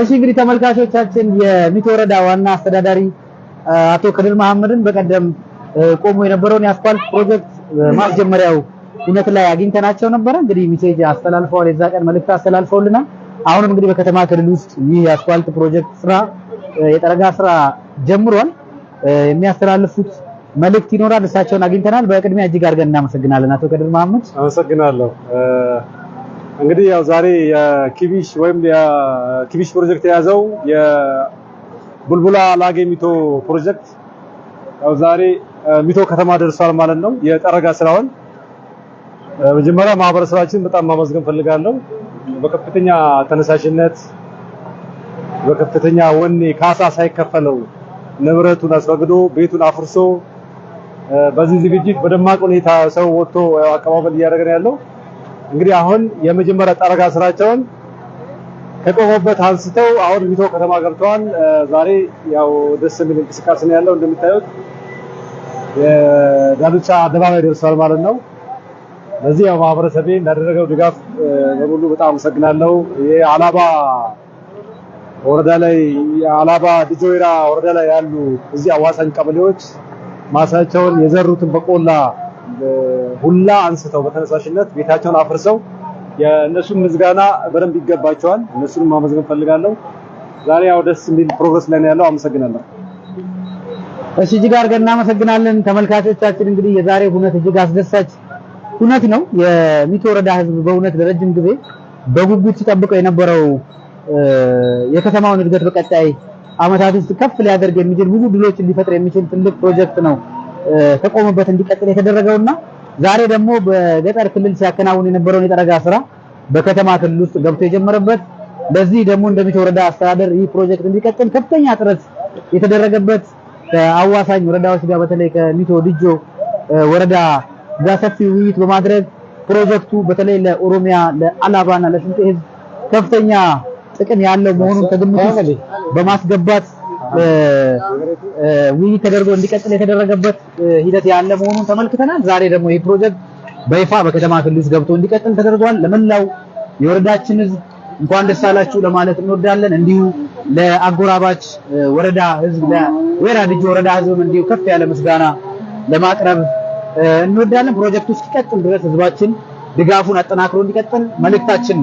እሺ እንግዲህ ተመልካቾቻችን የሚቶ ወረዳ ዋና አስተዳዳሪ አቶ ከድር መሐመድን በቀደም ቆሞ የነበረውን የአስፋልት ፕሮጀክት ማስጀመሪያው እውነት ላይ አግኝተናቸው ነበረ። እንግዲህ ሚሴጅ አስተላልፈዋል፣ የዛ ቀን መልእክት አስተላልፈውልናል። አሁንም እንግዲህ በከተማ ክልል ውስጥ ይህ የአስፋልት ፕሮጀክት ስራ የጠረጋ ስራ ጀምሯል። የሚያስተላልፉት መልእክት ይኖራል። እሳቸውን አግኝተናል። በቅድሚያ እጅግ አድርገን እናመሰግናለን አቶ ከድር መሐመድ። አመሰግናለሁ። እንግዲህ ያው ዛሬ የኪቢሽ ወይም የኪቢሽ ፕሮጀክት የያዘው የቡልቡላ ላጌ ሚቶ ፕሮጀክት ያው ዛሬ ሚቶ ከተማ ደርሷል ማለት ነው። የጠረጋ ስራውን መጀመሪያ ማህበረሰባችን በጣም ማመስገን ፈልጋለሁ። በከፍተኛ ተነሳሽነት በከፍተኛ ወኔ ካሳ ሳይከፈለው ንብረቱን አስወግዶ ቤቱን አፍርሶ በዚህ ዝግጅት በደማቅ ሁኔታ ሰው ወጥቶ አቀባበል እያደረገ ነው ያለው። እንግዲህ አሁን የመጀመሪያ ጠረጋ ስራቸውን ከቆሙበት አንስተው አሁን ቢቶ ከተማ ገብተዋል። ዛሬ ያው ደስ የሚል እንቅስቃሴ ነው ያለው። እንደምታዩት የዳሉቻ አደባባይ ደርሷል ማለት ነው። በዚህ ያው ማህበረሰቤ እንዳደረገው ድጋፍ በሙሉ በጣም አመሰግናለሁ። የአላባ ወረዳ ላይ የአላባ ድጆይራ ወረዳ ላይ ያሉ እዚህ አዋሳኝ ቀበሌዎች ማሳቸውን የዘሩትን በቆላ ሁላ አንስተው በተነሳሽነት ቤታቸውን አፍርሰው የእነሱን ምዝጋና በደንብ ይገባቸዋል። እነሱን ማመዝገብ ፈልጋለሁ። ዛሬ ያው ደስ የሚል ፕሮግረስ ላይ ነው ያለው። አመሰግናለሁ። እሺ፣ እጅግ አድርገን እናመሰግናለን። ተመልካቾቻችን እንግዲህ የዛሬ ሁነት እጅግ አስደሳች ሁነት ነው። የሚቶ ወረዳ ህዝብ በእውነት ለረጅም ጊዜ በጉጉት ሲጠብቀው የነበረው የከተማውን እድገት በቀጣይ አመታት ውስጥ ከፍ ሊያደርግ የሚችል ብዙ ድሎችን ሊፈጥር የሚችል ትልቅ ፕሮጀክት ነው ተቆሙበት እንዲቀጥል የተደረገውና ዛሬ ደግሞ በገጠር ክልል ሲያከናውን የነበረውን የጠረጋ ስራ በከተማ ክልል ውስጥ ገብቶ የጀመረበት በዚህ ደግሞ እንደሚት ወረዳ አስተዳደር ይህ ፕሮጀክት እንዲቀጥል ከፍተኛ ጥረት የተደረገበት ከአዋሳኝ ወረዳዎች ጋር በተለይ ከሚቶ ድጆ ወረዳ ጋር ሰፊ ውይይት በማድረግ ፕሮጀክቱ በተለይ ለኦሮሚያ ለአላባና ለስልጤ ህዝብ ከፍተኛ ጥቅም ያለው መሆኑን ከግምት በማስገባት ውይይት ተደርጎ እንዲቀጥል የተደረገበት ሂደት ያለ መሆኑን ተመልክተናል። ዛሬ ደግሞ ይህ ፕሮጀክት በይፋ በከተማ ክልል ውስጥ ገብቶ እንዲቀጥል ተደርጓል። ለመላው የወረዳችን ህዝብ እንኳን ደስ አላችሁ ለማለት እንወዳለን። እንዲሁ ለአጎራባች ወረዳ ህዝብ ለወይራ ልጅ ወረዳ ህዝብም እንዲሁ ከፍ ያለ ምስጋና ለማቅረብ እንወዳለን። ፕሮጀክቱ እስኪቀጥል ድረስ ህዝባችን ድጋፉን አጠናክሮ እንዲቀጥል መልእክታችን ነው።